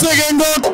sege ngoog